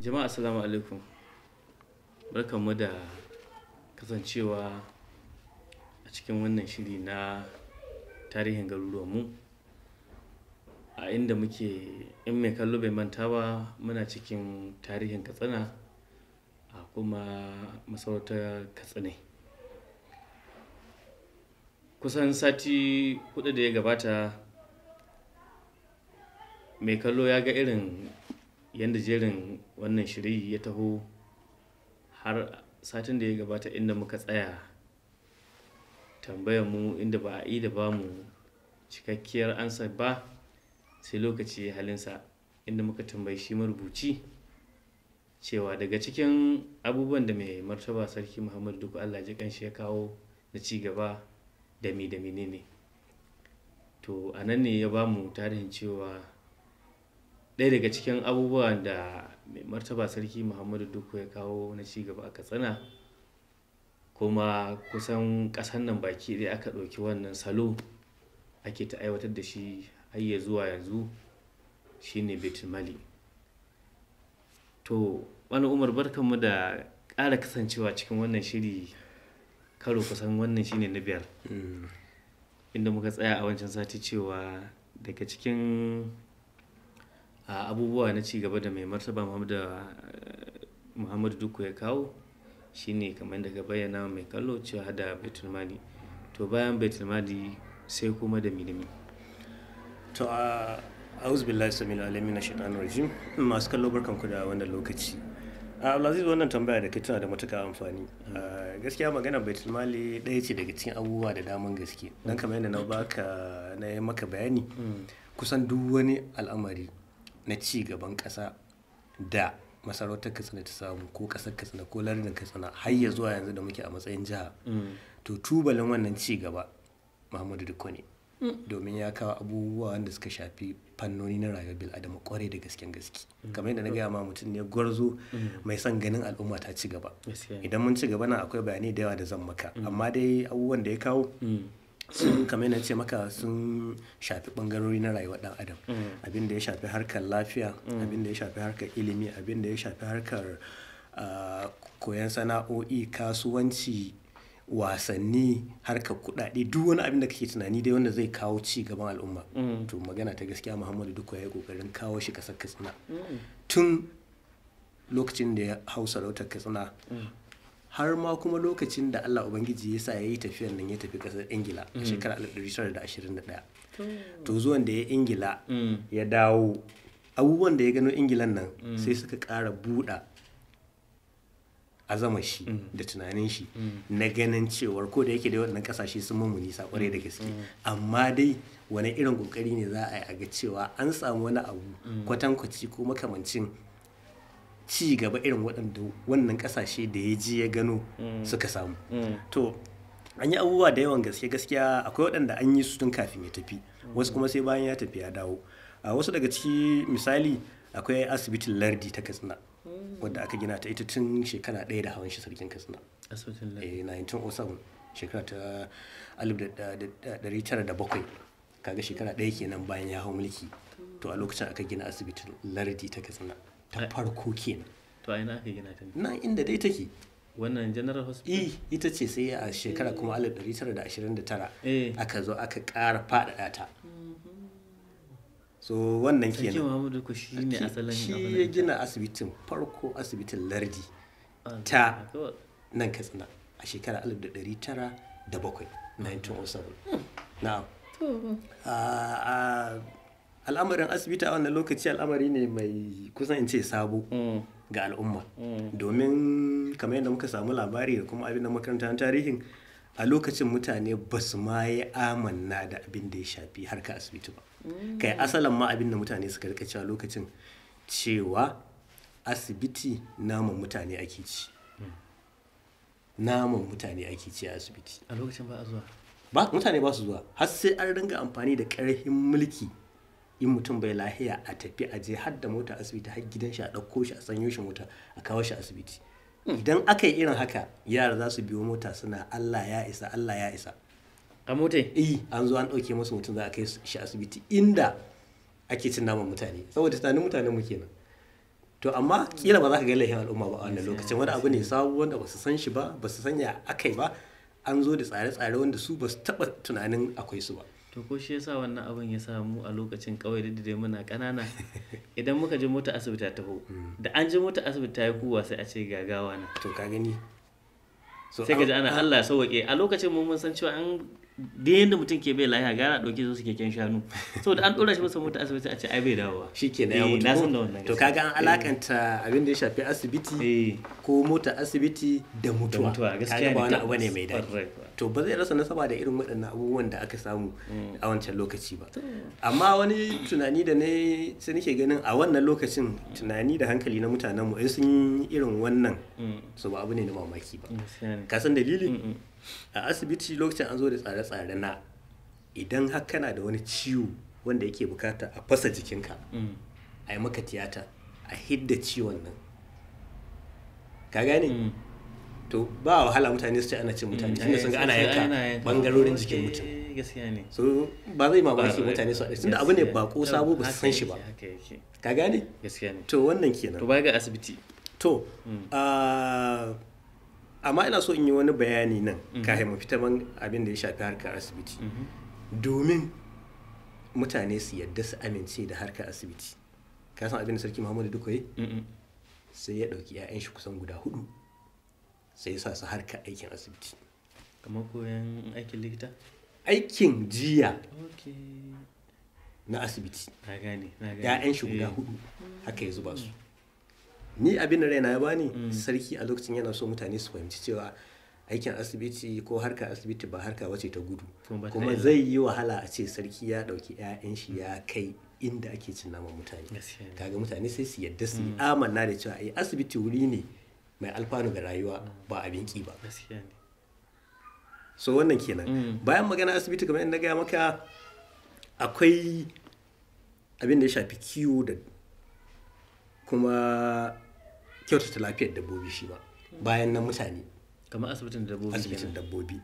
jama'a assalamu alaikum barkanmu da kasancewa a cikin wannan shiri na tarihin garuruwanmu a inda muke in mai kallo bai manta ba muna cikin tarihin katsina a kuma masarautar katsina kusan sati hudu da ya gabata mai kallo ya ga irin yadda jerin wannan shiri ya taho har satin da ya gabata inda muka tsaya tambayar mu inda ba a yi da ba mu cikakkiyar ansa ba sai lokaci halinsa inda muka tambayi shi marubuci cewa daga cikin abubuwan da mai martaba sarki muhammadu duk allah ji kanshi ya kawo na ci gaba da mi da ne. to a nan ne ya ba mu tarihin cewa ɗaya daga cikin abubuwan da mai martaba sarki muhammadu duk ya kawo na cigaba a katsina kuma kusan ƙasan nan baki ɗaya aka ɗauki wannan salo ake ta aiwatar da shi har ya zuwa yanzu shine ne mali to wani umar barkanmu da ƙara kasancewa cikin wannan shiri karo kusan wannan shine na biyar mm. inda muka tsaya a wancan sati cewa daga cikin A abubuwa na cigaba da mai martaba eh, muhammadu duku ya kawo shine kamar ka bayyana mai kallo cewa da baitulmali to bayan baitulmali sai kuma da milimi to a auzu billahi samil alamin na shaitan rajim masu kallo barkan ku da wannan lokaci abdulaziz wannan tambaya da kai tana da matuka amfani gaskiya magana baitulmali daya ce daga cikin abubuwa da daman gaske don kamar yadda na baka na yi maka bayani mm. kusan duk wani al'amari na ci gaban ƙasa da masarautar katsina ta samu ko ƙasar katsina ko lardin katsina har ya zuwa yanzu da muke a matsayin jiha mm. to tubalin wannan ci gaba muhammadu dukko ne domin ya kawo abubuwa wanda suka shafi fannoni na rayuwar bil'adama kwarai da gasken gaske mm. kamar yadda na gaya ma mutum ne gwarzo mm. mai son ganin al'umma ta ci gaba idan mun ci gaba na akwai bayanai da yawa da zan maka amma dai abubuwan da ya kawo sun kamar yana ce maka sun shafi bangarori na rayuwa dan adam mm. abin da ya shafi harkar lafiya mm. abin da ya shafi harkar ilimi abin da ya shafi harkar ah, koyon sana'o'i kasuwanci wasanni harkar kudade duk wani abin da kake tunani dai wanda zai kawo ci gaban al'umma mm. to magana ta gaskiya muhammadu duk ya yi kokarin kawo shi kasar katsina tun lokacin da ya hau sarautar katsina har ma kuma lokacin da Allah Ubangiji ya sa ya yi tafiyar nan ya tafi ƙasar Ingila a mm. shekarar 1921. To zuwan da ya Ingila mm. ya dawo abubuwan da ya gano Ingilan nan mm. sai suka ƙara buɗa azama shi da tunanin shi na ganin cewar ko da yake da waɗannan kasashe sun mamu nisa ƙwarai da gaske amma dai wani irin ƙoƙari ne za a yi a ga cewa an samu wani abu kwatankwaci ko makamancin ci gaba irin waɗanda wannan ƙasashe da ya ji ya gano mm. suka samu mm. to an yi abubuwa da yawan gaske gaskiya akwai waɗanda an yi su tun kafin ya tafi wasu kuma sai bayan ya tafi ya dawo a wasu daga ciki misali akwai asibitin lardi ta katsina mm. wadda aka gina ta ita tun shekara ɗaya da hawan shi sarkin katsina asibitin lardi 1907 eh, shekara ta 1907 kaga shekara ɗaya kenan bayan ya hau mulki to a lokacin aka gina asibitin lardi ta katsina ta eh. farko kenan to ai na gina ta na inda dai take wannan general hospital eh ita ce sai a shekara kuma 1929 eh. eh. aka zo aka ƙara faɗaɗa ta so wannan kenan sarki muhammadu ku shi ne asalin shi ya gina asibitin farko asibitin lardi ah, ta nan katsina a shekara 1907 1907 ah. hmm. na'am ah, al'amarin asibiti a wannan lokaci al'amari ne mai kusan in ce sabo mm. ga al'umma mm. domin kamar yadda muka samu labari da kuma abin da makaranta tarihin a lokacin mutane ba su ma yi amanna da abin da ya shafi harka asibiti ba mm. kai asalan ma abin da mutane suka rika cewa lokacin cewa asibiti naman mutane ake ci naman mutane ake ci a asibiti a lokacin ba a zuwa ba mutane ba su zuwa har sai an ringa amfani da ƙarfin mulki in mutum bai lahiya a tafi a je har da mota asibiti har gidan shi a ɗauko shi a sanyo shi mota a kawo shi asibiti hmm. idan aka yi irin haka yara za su biyo mota suna allah ya isa allah ya isa a mota eh an zo an ɗauke musu mutum za a kai shi asibiti inda ake cin naman mutane saboda tunanin mutanen mu kenan to amma kila ba za ka ga laifin al'umma ba a wannan lokacin wani abu ne sabo wanda ba su san shi ba ba su sanya akai ba an zo da tsare-tsare wanda su ba su taɓa tunanin akwai su ba to ko shi yasa wannan abin ya samu a lokacin kawai da dai muna kanana idan muka je mota asibiti ta taho mm. da an je mota asibiti ta yi kuwa sai a ce gagawa na to ka gani sai ka ji ana Allah sauke a lokacin mun san cewa an da yadda mutum ke bai a gara dauke su keken shanu so da an dora shi masa mota asibiti a ce ai bai dawowa shikenan ya eh, mutu na da wannan to kaga an alakanta abin da ya shafi asibiti eh. ko mota asibiti da mutuwa gaskiya ba wani abu ne mai daɗi to ba zai rasa nasaba da irin waɗannan abubuwan da aka samu mm. a wancan lokaci ba amma wani tunani da ne sai nake ganin a wannan lokacin tunani da hankali na mutanen mu sun yi irin wannan so mm. ba abu ne na mamaki ba ka san dalili a asibiti lokacin an zo da tsare-tsare na idan har kana da wani ciwo wanda yake bukata a fasa jikinka mm. a yi maka tiyata a hidda ciwon nan ka gane mm. to ba wahala mutane su ce ana cin mutane mm, tunda eh, sun ga ana yanka bangarorin jikin mutum so ba zai mamaki mutane su tunda abu ne ba ko sabo ba su san shi ba ka gane to wannan kenan to ba ga asibiti to ah, amma ina so in yi wani bayani nan mhm. kafin mu fita man abin da ya shafi harkar asibiti mhm. domin mutane su yadda su amince da harkar asibiti ka san abin da sarki muhammadu duka yi sai ya ɗauki 'ya'yan shi kusan guda hudu sai ya sa su harkar aikin asibiti kamar koyan aikin likita aikin jiya na asibiti 'ya'yan shi guda eh. hudu haka ya zuba su mm. ni abin da raina ya bani mm. sarki a lokacin yana so mutane su fahimci cewa aikin asibiti ko harka asibiti ba harka wace ta gudu kuma zai yi wahala a ce sarki ya dauki 'ya'yan shi ya mm. kai inda ake cin naman mutane kaga mutane sai su yadda su yi mm. amanna da cewa ai asibiti wuri ne mai alfanu ga rayuwa ba abin ki ba so wannan kenan bayan magana asibiti kamar yadda gaya maka akwai abin da ya shafi kiwo da kuma kyautata lafiyar dabbobi shi ba bayan nan mutane kamar asibitin dabbobi asibitin dabbobi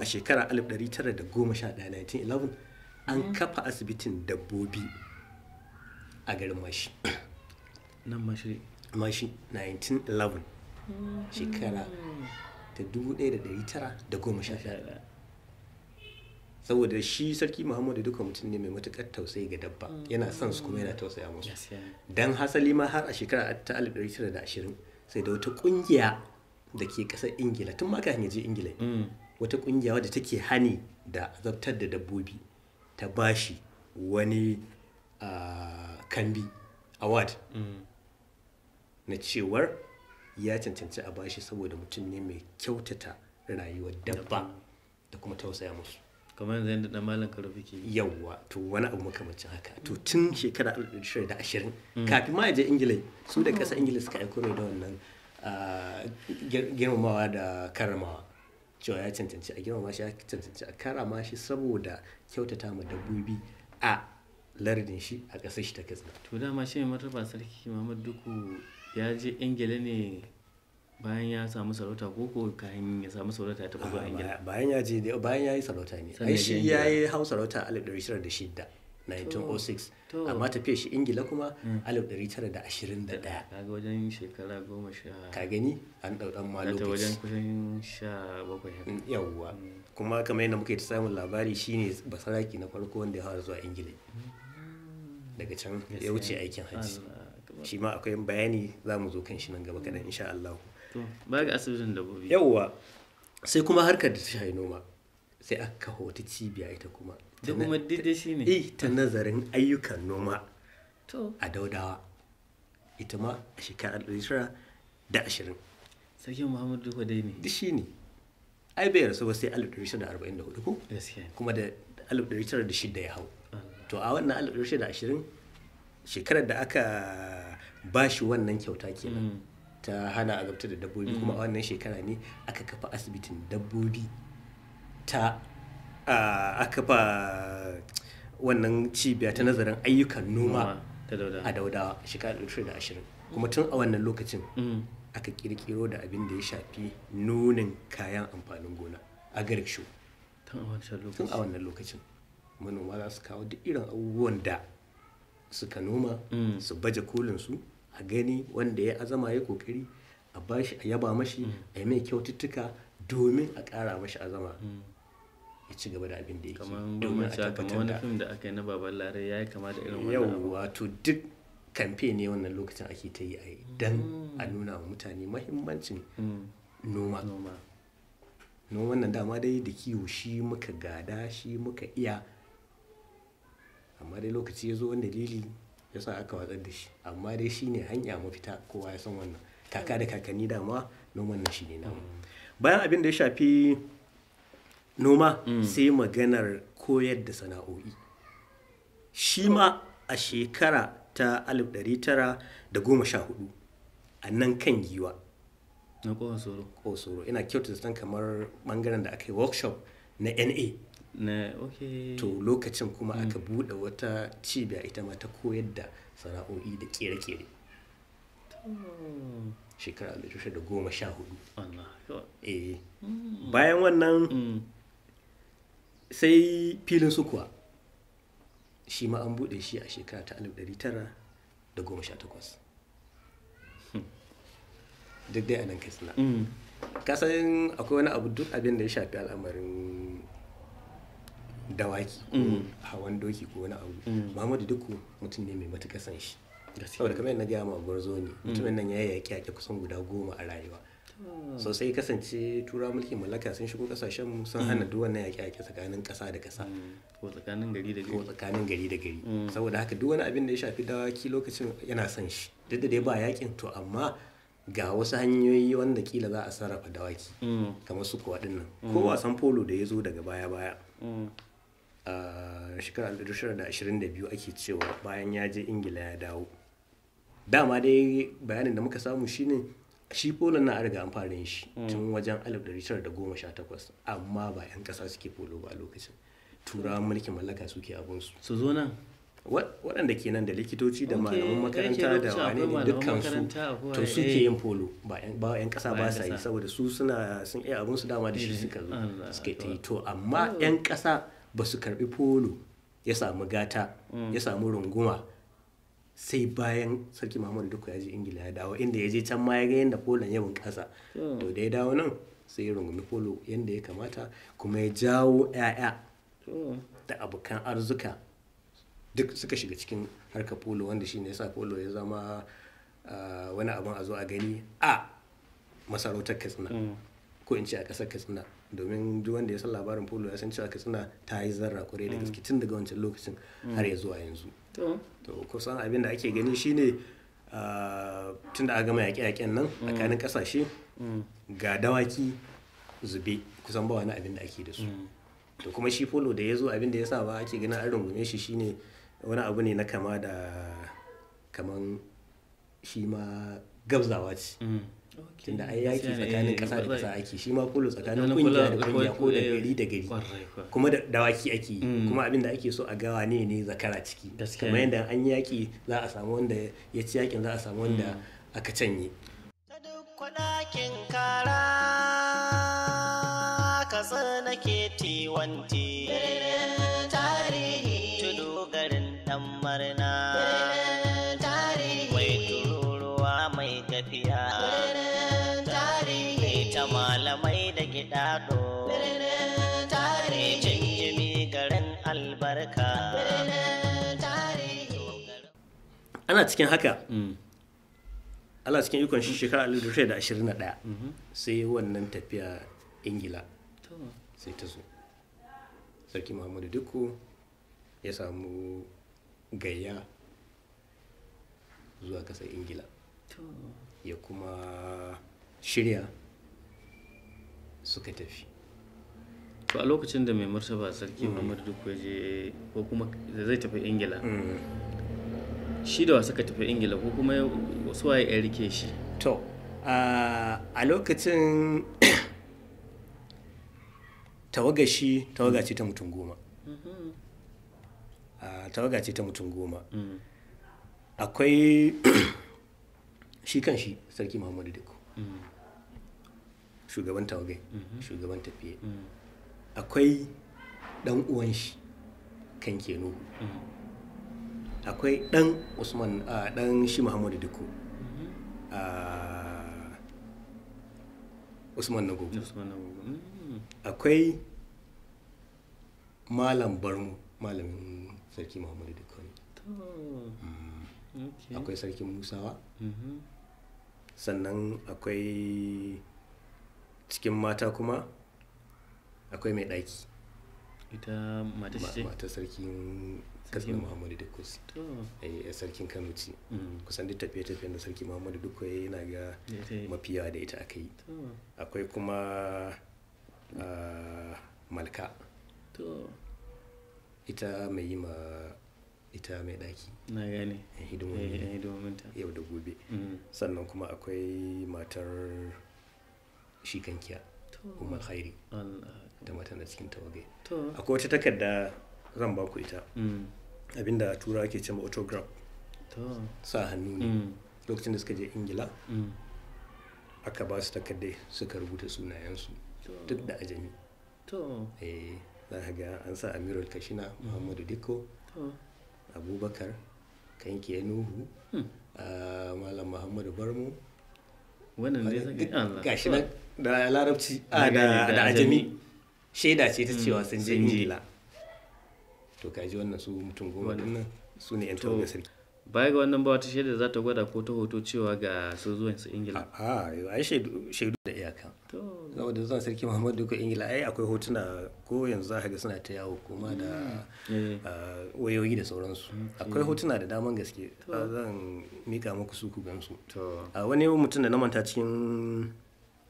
a shekara 1911 an mm. kafa asibitin dabbobi a garin mashi nan mashi mashi 1911 mm-hmm. shekara ta 1911 saboda shi sarki muhammadu duka mutum ne mai matukar tausayi ga dabba mm. yana son su kuma yana tausaya musu dan hasali ma har a shekara ta 1920 sai da wata kungiya da ke kasar ingila tun ma hanyar je ingila mm. wata kungiya wadda take hani da azabtar da dabbobi ta bashi wani kambi award mm. na cewar ya cancanci a bashi saboda mutum ne mai kyautata rayuwar dabba da kuma tausaya musu kamar yanzu yadda dan malam karofi ke yawwa to wani abu makamancin haka to tun shekara 1920 mm. kafin ma je ingila su da kasa oh. ingila suka aiko mai da wannan ah, girmamawa da karamawa cewa ya cancanci a girmama shi ya cancanci a karama shi saboda kyautata ma dabbobi a lardin shi a ƙasar shi ta kasa to dama shi martaba sarki mamadu duku ya je ingila ne bayan ya samu sarauta ko ko kayan ya samu sarauta ta taɓa zuwa ingila bayan ya je bayan ya yi sarauta ne ai shi ya yi hau sarauta a 1906 1906 amma tafiya shi ingila kuma 1921 hmm. kaga wajen shekara goma sha ka gani an ɗauɗan ma lokaci wajen kusan sha bakwai hmm, yawwa hmm. kuma kamar yadda muke ta samun labari shine basaraki na farko wanda ya hawa zuwa ingila daga can ya wuce aikin hajji shi ma akwai bayani za mu zo kan shi nan gaba kaɗan insha Allah ba ga asibitin dabbobi yawwa sai kuma harkar da ta shayi noma sai aka hoti cibiya ita kuma da kuma dide shi ne eh, ta nazarin ayyukan noma a daudawa ita ma a shekarar ɗari da ashirin sarkin muhammadu duka dai ne duk shi ne ai bai rasu ba sai alif ɗari shida arba'in da hudu ko kuma da alif ɗari tara da shida ya hau to a wannan alif ɗari shida ashirin shekarar da aka ba shi wannan kyauta kenan mm. ta hana azabtar da dabbobi kuma a mm. wannan shekara ne aka kafa asibitin dabbobi ta a kafa wannan cibiya ta nazarin ayyukan noma a daudawa shekara 2020 kuma tun a wannan lokacin mm. aka kirkiro da abin da ya shafi nunin kayan amfanin gona a show tun a wannan lokacin manoma za su kawo duk irin abubuwan da suka noma mm. su baje kolinsu. su a gani wanda ya azama ya kokiri a bashi a yaba mashi mm. a yi mai kyaututtuka domin a ƙara mashi azama mm. ya ci gaba da abin da yake domin a kamar wani fim da aka yi na baban lare ya yi kama da irin wannan abu wato duk kamfe ne wannan lokacin ake ta yi a yi dan a mm. nuna wa mutane mahimmancin noma noma nan dama dai da kiwo shi muka gada shi muka iya amma dai lokaci ya zo wanda lili yasa aka watsar da shi amma dai shi ne hanya mafita kowa ya san wannan kaka da kakanni dama noman nan ne namu bayan abin da ya shafi noma mm. sai maganar koyar da sana'o'i shi ma a shekara ta 1914 a nan kan giwa na soro ina kyautata da kamar bangaren da aka yi workshop na na to lokacin kuma hmm. aka buɗe wata cibiya ita ma ta koyar da sana'o'i da kere-kere shekara da goma sha hudu eh. hmm. bayan wannan hmm. sai filin sukuwa shi ma an buɗe shi a shekara ta 1918 duk dai a nan katsina kasan akwai wani abu duk abin da ya shafi al'amarin dawaki mm. hawan doki ko wani abu mm. muhammadu duk mutum ne mai matuka san shi saboda kamar na gaya ma gwarzo ne mm. mutumin nan ya yaƙi yaƙi kusan guda goma a rayuwa ah. Sosai kasance tura mulki mallaka sun shigo kasashen sun hana duk wannan yaƙi yaƙi tsakanin ƙasa da ƙasa ko tsakanin gari da gari ko tsakanin gari da gari saboda haka duk wani abin da ya shafi dawaki lokacin yana son shi duk da dai ba yakin to amma ga wasu hanyoyi wanda kila za a sarrafa dawaki kamar su kuwa nan ko wasan polo da ya zo daga baya baya shekara 1922 ake cewa bayan ya je ingila ya dawo dama dai bayanin da muka samu shine shi polo na riga an fara shi mm. tun wajen 1918 amma ba 'yan kasa suke polo ba lokacin turawan mulkin mallaka suke abin su Su zo nan waɗanda ke nan da likitoci da malaman makaranta da wani ne dukkan su to suke yin polo ba 'yan ƙasa ba sa yi saboda su suna sun iya abun su dama da shi eh, suka zo suke ta yi to amma 'yan ƙasa ba su karbi polo ya samu gata mm. ya samu runguma sai bayan sarki muhammadu duka ya je ingila ya dawo inda ya je can ma ya ga yadda polon ya bunƙasa mm. to da ya dawo nan sai ya rungumi polo yadda ya kamata kuma ya jawo 'ya'ya mm. da abokan arzuka duk suka shiga cikin harka polo wanda shine sa polo ya zama ah, wani abin a zo a gani a masarautar katsina ko in ce a ƙasar katsina domin duk wanda ya san labarin polo ya san cewa katsina ta yi zarra kure da gaske tun daga wancan lokacin har ya zuwa yanzu to kusan abin da ake gani shine ah, tun da aka gama yaƙe-yaƙen nan mm. tsakanin ƙasashe mm. ga dawaki zube kusan ba wani abin da ake da su mm. to kuma shi polo da ya zo abin da ya sa ba ake gani an rungume shi shine wani abu ne na kama da kaman shi ma gabzawa ce tunda ai yaki tsakanin kasa eh, da kasa ake shi ma polo tsakanin kungiya da kungiya ko da gari da eh, gari kuma da dawaki ake yi mm. kuma abin da ake so a gawa ne ne zakara ciki kamar yadda an yaki za a samu wanda ya ci yakin za a samu wanda mm. aka canye ta duk kara ana cikin haka ana cikin ikon shi shekara daya sai wannan tafiya ingila sai ta zo sarki muhammadu duku ya samu gayya zuwa ƙasar ingila ya kuma shirya suka tafi to a lokacin da mai martaba sarki mm. muhammadu duk waje ko kuma zai tafi ingila mm. shi da wasu ka tafi ingila ko kuma wasu waye ya rike shi to a lokacin tawaga shi tawaga ce ta mutum goma mm-hmm. tawaga ce ta mutum goma mm. akwai shi kan shi sarki muhammadu duk shugaban tawagai mm-hmm. shugaban tafiye akwai ɗan uwan shi kan keno akwai ɗan usman ɗan shi muhammadu duku usman nagogo mm. akwai malam barmu malamin sarki muhammadu duku mm. akwai sarki musawa mm-hmm. sannan akwai cikin mata kuma akwai mai ɗaki ita mata ce mata sarkin katsina muhammadu dukkus a eh, eh, sarkin kano ce mm. kusan duk tafiye tafiye da sarki muhammadu dukku ya yana ga mafiya da ita aka yi akwai kuma ah, malka ita mai yi ma ita mai daki na gane eh, hidimominta yau da gobe mm. sannan kuma akwai matar shi kankiya umar khairi ta matan da cikin tawage akwai wata takarda zan ba ku ita mm. abinda tura ke cewa autograph sa hannu ne mm. lokacin da suka je ingila mm. aka ba su takardai suka rubuta sunayensu duk da ajami eh za ka ga an sa amirul kashina muhammadu dikko abubakar kanki nuhu hmm. ah, malam muhammadu barmu wannan dai zan gashi nan da larabci a da ajami shaida ce ta cewa sun je ingila to kaji wannan su mutum goma nan su ne yan tawo sarki baya ga wannan ba wata shaida za ta gwada ko ta hoto cewa ga su zuwan su ingila a ai shaidu da iyaka zama da zuwan sarki muhammadu ko ingila ai akwai hotuna ko yanzu za ka ga suna ta yawo kuma da mm. eh. wayoyi da sauransu mm, akwai hotuna da daman gaske zan mika muku su ku gamsu a wani mutum da na manta cikin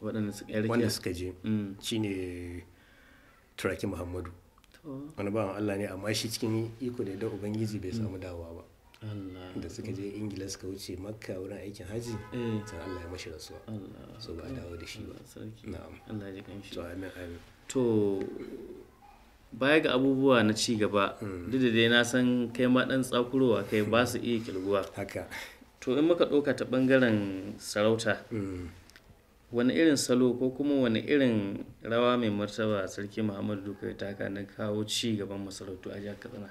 wanda suka je mm. Shi ne turaki muhammadu wani bawan allah ne amma shi cikin iko da yadda ubangiji bai mm. samu dawowa ba da suka je ingila suka wuce makka wurin aikin haji eh. san allah ya mashi rasuwa so ba a dawo da shi ba Na allah to amin amin to baya ga abubuwa na ci gaba mm. duk da dai na san kai ma dan tsakurowa kai ba su iya kilguwa haka to in muka ɗauka ta bangaren sarauta wani irin salo ko kuma wani irin rawa mai martaba sarki muhammadu dukai taka na kawo ci gaban masarautu a jihar katsina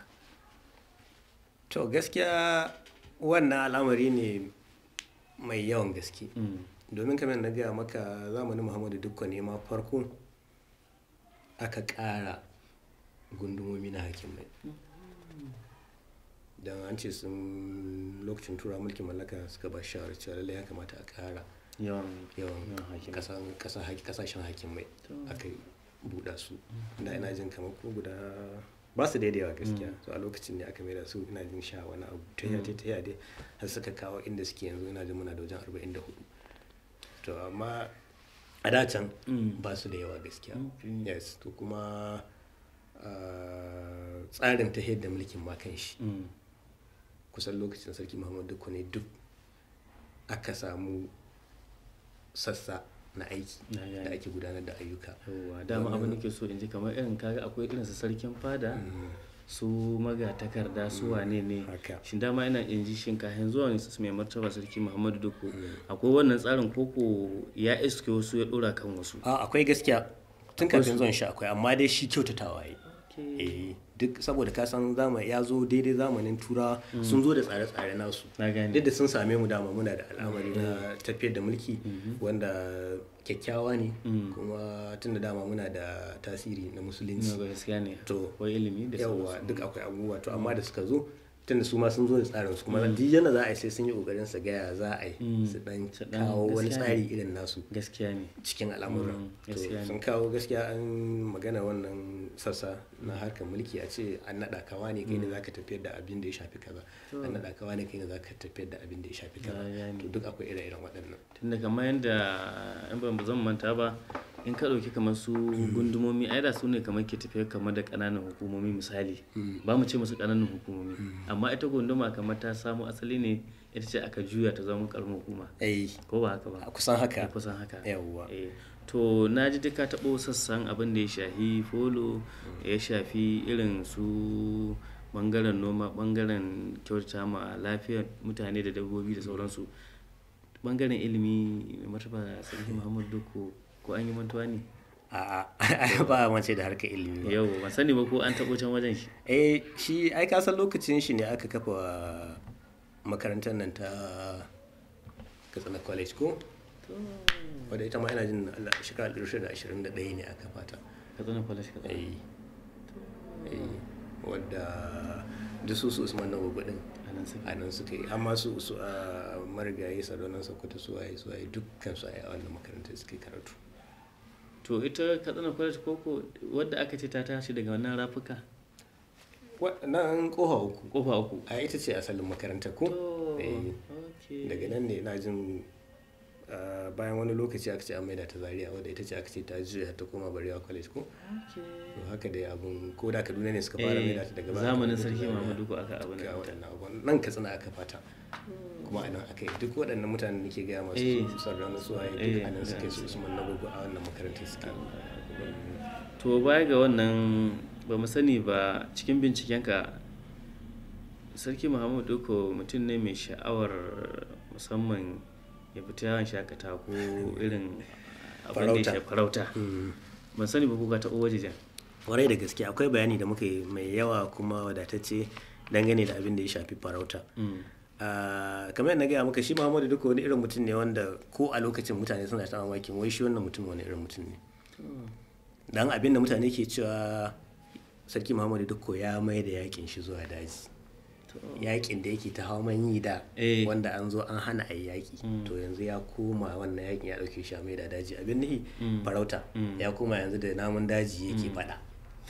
to gaskiya wannan al'amari ne mai yawan gaske mm. domin kamar na gaya maka zamani muhammadu dukka ne ma farko aka ƙara gundumomi na mai. don an ce sun lokacin tura mulkin mallaka suka ba shawar cewa lallai ya kamata a ƙara yawan yawan kasashen mai aka buɗa su mm. da ina jin kamar ko guda ba su daidaiwa gaskiya mm. to a lokacin ne aka mai da su ina jin sha wani abu ta yi ta mm. yi har suka kawo inda suke yanzu ina jin muna da wajen arba'in da hudu to amma a dacan ba su da yawa gaskiya yes to kuma ah, tsarin ta yadda mulkin ma kan shi kusan lokacin sarki muhammadu kone ne duk aka samu sassa na aiki da ake gudanar da ayyuka dama abin da ke so in ji kamar irin kaga akwai irin sa sarkin fada mm. su magatakarda su mm. wane ne shin dama ina in ji shin kahin zuwa su mai martaba sarki muhammadu duku mm. akwai wannan tsarin koko ya iske wasu ya dora kan wasu akwai gaskiya tun kafin zuwan shi akwai amma dai shi kyautatawa yi duk saboda ka san zama ya zo daidai zamanin tura mm. sun zo da tsare-tsare nasu duk da sun same mu dama muna da al'amari na mm. tafiyar da mulki mm-hmm. wanda kyakkyawa ne mm. kuma tun da dama muna da tasiri na musulunci to ilimi duk akwai abubuwa to amma da suka zo tunda su ma sun zo da tsarin su kuma mm. duk yana za a yi sai sun yi kokarin su gaya za a yi mm. su dan kawo wani tsari irin nasu gaskiya ne cikin al'amuran mm, sun kawo gaskiya an magana wannan sassa na harkar mulki a ce an naɗa kawa ne kai ne zaka tafiyar da abin da ya shafi kaza an naɗa kawa ne kai ne zaka tafiyar da abin da ya shafi kaza to duk akwai ire-iren waɗannan tunda kamar yadda in ban zan manta ba in ka ɗauki kamar su mm. gundumomi ai da su ne kamar ke tafiya kamar da kananan hukumomi misali mm. ba mu ce musu ƙananan hukumomi mm. amma ita gunduma kamar ta samu asali ne ita ce aka juya ta zama ƙaramin hukuma ko ba haka ba kusan haka kusan haka yawwa eh. to na ji duka taɓo sassan abin da ya shafi folo ya shafi irin su bangaren noma bangaren kyauta ma lafiyar mutane da dabbobi da sauransu bangaren ilimi martaba sarki muhammadu duku ko an yi mantuwa ne a'a ba mace da harkar ilimi ba yau ban sani ba ko an taɓo can wajen shi eh shi ai ka san lokacin shi ne aka kafa makarantar nan ta katsina college ko wadda ita ma ina jin shekarar 2021 da ashirin da ɗaya ne aka fata. katsina college ka eh. tsaye eh, wadda da su su usman na gobadin a nan suka yi amma su su a ah, marigayi sadonan sakwata su waye su waye dukkan su a yi a wannan makarantar suke karatu to ita katsina college koko wadda aka ce ta tashi daga wannan rafuka nan kofa uku kofa uku a ita ce asalin makarantar ko eh, daga nan ne na jin bayan wani lokaci aka ce an maida ta zaria wadda ita ce aka ce ta juya ta koma barewa college ko haka da abun ko da kaduna ne suka fara eh, maida ta daga zamanin sarki mamadu ko aka abu nan katsina aka fata hmm. kuma a nan aka yi duk waɗannan mutanen da ke gaya masu eh. sarrana su haye duk eh. a nan suke su usman na gogo a wannan makarantar suke to baya ga wannan ba mu sani ba cikin bincikenka sarki muhammadu doko mutum ne mai sha'awar musamman ya fita yawon shakata ko irin abin da ya shafi farauta mm. ban sani ba kuka taɓo wajejen kwarai da gaske akwai bayani da muka yi mai yawa kuma wadatacce dangane da abin da ya shafi farauta mm. kamar yadda na gaya maka shi Muhammadu duka wani irin mutum ne wanda ko a lokacin mutane suna ta mamaki wai shi wannan mutum wani irin mutum ne dan abin da mutane ke cewa sarki Muhammadu duka ya mai da yakin shi zuwa daji yakin da yake ta hauman yi da eh. wanda an zo an hana a yaki mm. to yanzu ya koma wannan yakin ya dauke shi a mai da daji abin nihi mm. farauta mm. ya koma yanzu da namun daji yake fada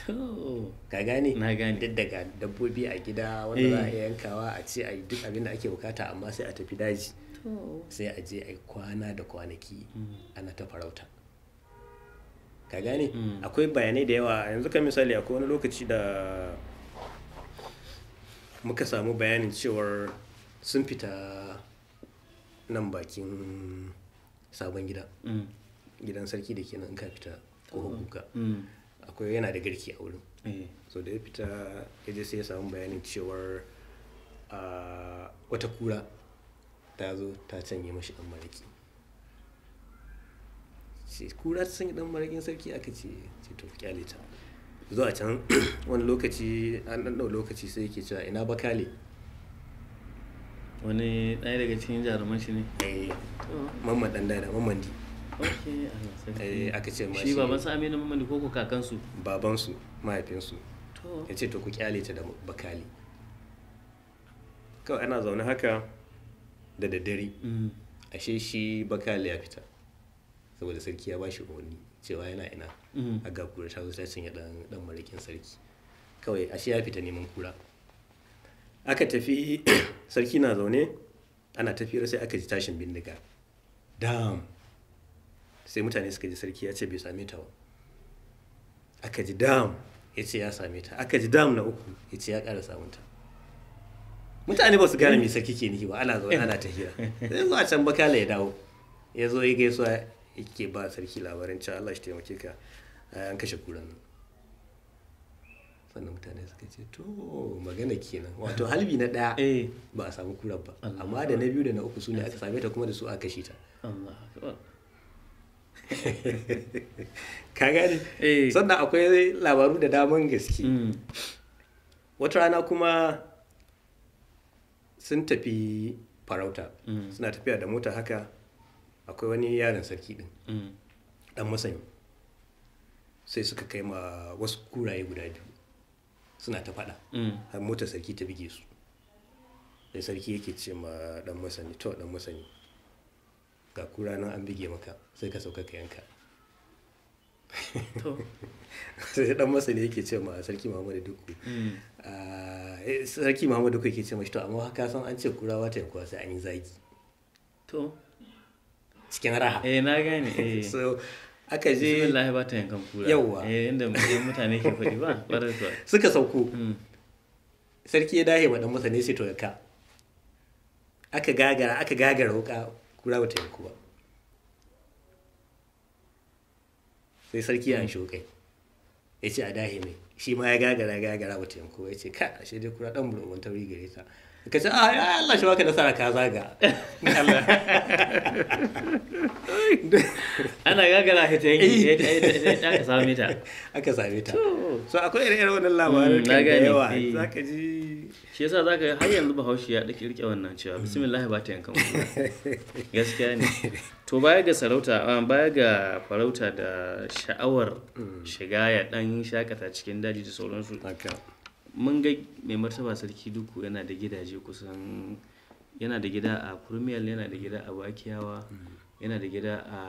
ka gane na gane duk daga dabbobi a gida wanda za a yankawa a ce a yi duk abin da ake bukata amma sai a tafi daji sai a je a yi kwana da kwanaki mm. ana ta farauta ka gane mm. akwai bayanai da yawa yanzu kan misali akwai wani lokaci da muka samu bayanin cewar sun fita nan bakin sabon gida mm. gidan sarki da ke nan ka fita ko hukuka oh. akwai yana da girki a wurin eh. so da ya fita ya je sai ya samu bayanin cewar wata kura ta zo ta canye mashi dan maraki sai kura ta sanya dan marakin sarki aka ce ce to kyale ta zuwa can wani lokaci an dan dau lokaci sai yake cewa ina bakale wani ɗaya daga cikin jaruman shi ne eh mamman dan dada mamman di eh aka ce ma shi baban su aminu mamman ko ko kakansu babansu mahaifinsu ya ce to ku kyale ta da bakali kawai ana zaune haka da daddare mm. ashe shi bakali ya fita saboda sarki ya bashi umarni cewa yana ina mm. a ga kura ta zo ta cinye dan marikin sarki kawai ashe ya fita neman kura aka tafi sarki na zaune ana tafiyar sai aka ji tashin bindiga dam sai mutane suka ji sarki ya ce bai same ta ba aka ji dam ya ce ya same ta aka ji dam na uku ya ce ya ƙara samun ta mutane ba su gane me sarki ke nihi ba ana zaune ana ta hira sai zuwa can bakala ya dawo ya zo ya gaisuwa yake ba sarki labarin cewa Allah shi taimake ka an kashe kuran nan sannan mutane suka ce to magana kenan wato halbi na ɗaya eh. ba a samu kuran ba amma da na biyu da na uku su ne aka same ta kuma da su aka kashe ta ka gani eh. sannan akwai labaru da daman gaske mm. wata rana kuma sun tafi farauta mm. suna tafiya da mota haka akwai wani yaron sarki din mm. dan masani sai suka kai ma wasu kuraye guda biyu suna ta fada har mota sarki ta bige su sai sarki yake ce ma dan masani to dan masani ga kura nan an bige maka sai ka sauka ka yanka sai dan masa ne yake ce ma sarki muhammadu duku mm. ah, eh, sarki muhammadu duku yake ce mashi to amma haka san an ce kura wata yankuwa sai an yi zagi to cikin raha eh na gane eh so aka je bismillah ba ta yankan kura yawa eh inda mutane ke faɗi ba ƙwarar suka sauko mm. sarki ya dahe ma dan masa ne sai to ya ka aka gagara aka gagara wuka kura ba yanku ba sai sarki ya hanshi kai ya ce a dahi mai shi ma ya gagara gagara ba ta yanku ya ce ka ashe dai kura dan bulobin tauri gare ta ka ce ah, a Allah shi baka nasara ka zaga ana gagara ka ta yanki eh. aka same ta aka same ta so akwai irin irin wannan labarin mm, da yawa eh. zaka ji shi yasa zaka har yanzu bahaushe ya dake rike wannan cewa bismillah ba ta yanka gaskiya ne to baya ga sarauta baya ga farauta da sha'awar mm. shiga ya dan shakata cikin daji da sauransu mun ga mai martaba sarki duku yana da gidaje kusan yana da gida a kurmiyal yana da gida a bakiyawa mm. yana da gida a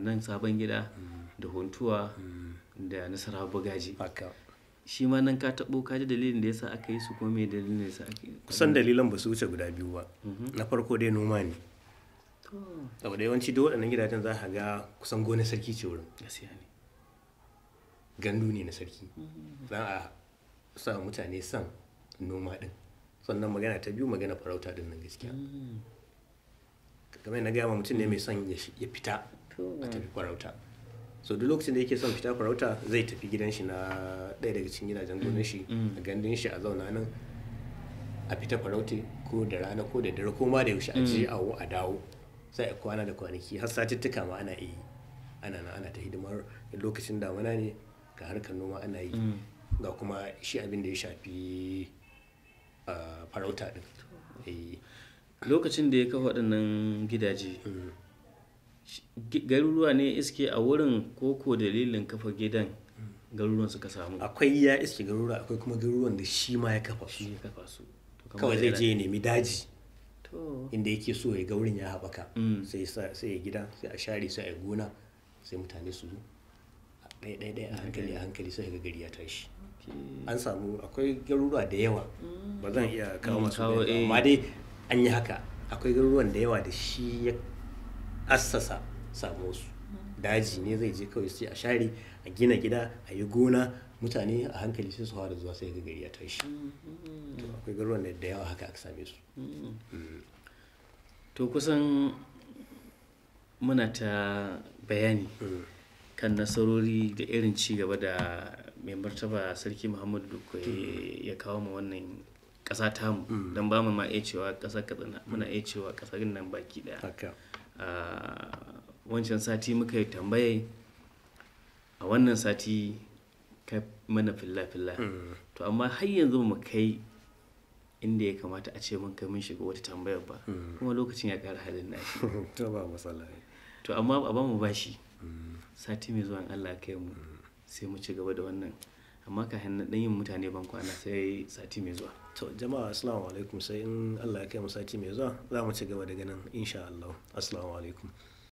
nan sabon gida mm. da huntuwa mm. da nasara bugaji shi ma nan ka taɓo ka ji dalilin da yasa aka yi su kuma mai dalilin da yasa aka yi kusan dalilan ba su wuce guda biyu ba mm-hmm. na farko dai noma ne saboda yawanci duk waɗannan gidajen za ka ga kusan gonar sarki ce wurin gandu ne na sarki mm-hmm. za a sa mutane son noma din sannan magana ta biyu magana farauta din nan gaskiya mm. kamar na gaya ma mutum ne mai son ya fita a tafi farauta so duk lokacin da yake son fita farauta zai tafi gidan shi na ɗaya daga cikin gidajen gonar shi mm, mm. a gandun shi a zauna nan a fita farauta ko da rana ko da dare ko ma da yaushe a je a a dawo sai a kwana da kwanaki har satuttuka ma ana yi ana nan ana ta hidimar lokacin damana ne ga harkar noma ana yi ga kuma shi abin da ya shafi ah, farauta din eh. lokacin da ya kafa waɗannan gidaje mm. garuruwa ne iske a wurin koko dalilin kafa gidan mm. garuruwan suka samu akwai ya iske garuruwa akwai kuma garuruwan da shi ma ya kafa su kawai zai je ya nemi daji inda yake so ya ga wurin ya haɓaka mm. sai ya gida sai a share sai a gona sai mutane su zo ɗaya ɗaya a hankali a hankali sai ga gari ya tashi an samu akwai garuruwa da yawa mm. ba zan iya kawo mm, masu eh. amma dai an yi haka akwai garuruwan da yawa da shi ya assasa samu su mm. daji ne zai je kawai sai a share a gina gida a yi gona mutane a hankali sai su fara zuwa sai ga gari ya tashi mm-hmm. to akwai garuruwan da yawa haka aka same su mm-hmm. to kusan muna ta bayani kan nasarori da irin ci gaba da mai martaba sarki muhammadu duka mm. ya kawo mu wannan ƙasa tamu mm. don ba mu ma iya cewa kasa katsina mm. muna iya cewa nan baki ɗaya ah, wancan sati muka yi tambaye a wannan sati ka mana filla-filla to amma har yanzu mu kai inda ya kamata a ce mun kai mun shiga wata tambayar ba kuma lokacin ya kara halin nashi to ba matsala to amma a ba mu bashi sati mai zuwa Allah kai mu sai mu ci gaba da wannan amma ka na ɗan yin mutane ban kwana sai sati mai zuwa to jama'a assalamu alaikum sai in allah ya kai mu sati mai zuwa za mu ci gaba da ganin insha allah assalamu alaikum